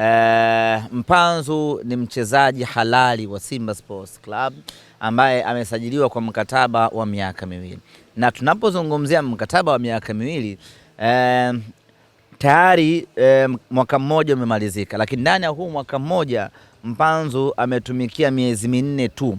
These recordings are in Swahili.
Eh, Mpanzu ni mchezaji halali wa Simba Sports Club ambaye amesajiliwa kwa mkataba wa miaka miwili, na tunapozungumzia mkataba wa miaka miwili e, tayari e, mwaka mmoja umemalizika, lakini ndani ya huu mwaka mmoja Mpanzu ametumikia miezi minne tu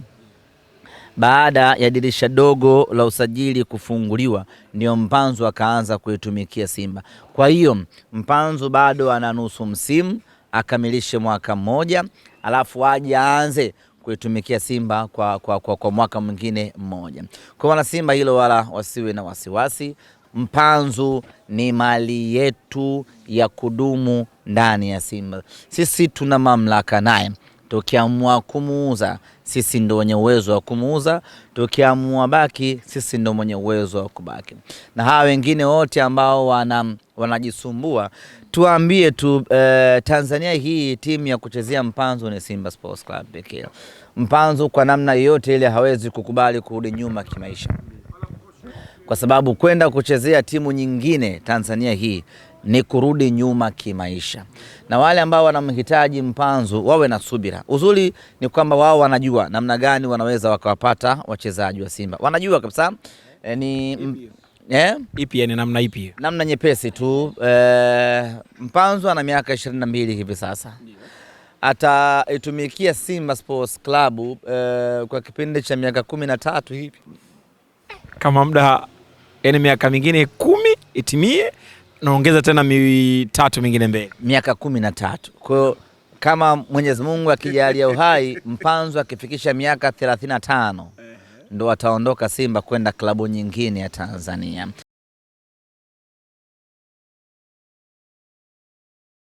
baada ya dirisha dogo la usajili kufunguliwa ndio Mpanzu akaanza kuitumikia Simba. Kwa hiyo Mpanzu bado ana nusu msimu akamilishe mwaka mmoja alafu aje aanze kuitumikia Simba kwa, kwa, kwa, kwa mwaka mwingine mmoja. Kwa wana Simba hilo wala wasiwe na wasiwasi. Mpanzu ni mali yetu ya kudumu ndani ya Simba. Sisi tuna mamlaka naye. Tukiamua kumuuza sisi ndo wenye uwezo wa kumuuza, tukiamua baki sisi ndo mwenye uwezo wa kubaki, na hawa wengine wote ambao wana wanajisumbua, tuambie tu eh, Tanzania hii timu ya kuchezea mpanzo ni Simba Sports Club pekee. Mpanzo kwa namna yoyote ile hawezi kukubali kurudi nyuma kimaisha, kwa sababu kwenda kuchezea timu nyingine Tanzania hii ni kurudi nyuma kimaisha, na wale ambao wanamhitaji Mpanzu wawe na subira. Uzuri ni kwamba wao wanajua namna gani wanaweza wakawapata wachezaji wa Simba, wanajua kabisa e, ni Yeah. Ipi yani namna ipi? Namna nyepesi tu e, Mpanzu ana miaka ishirini na mbili hivi sasa ataitumikia Simba Sports Club e, kwa kipindi cha miaka kumi na tatu hivi kama muda yani miaka mingine kumi itimie naongeza tena mitatu mingine mbele miaka kumi na tatu. Kwa hiyo kama Mwenyezi Mungu akijalia uhai Mpanzu akifikisha miaka 35. Yeah. tano eh ndo wataondoka Simba kwenda klabu nyingine ya Tanzania.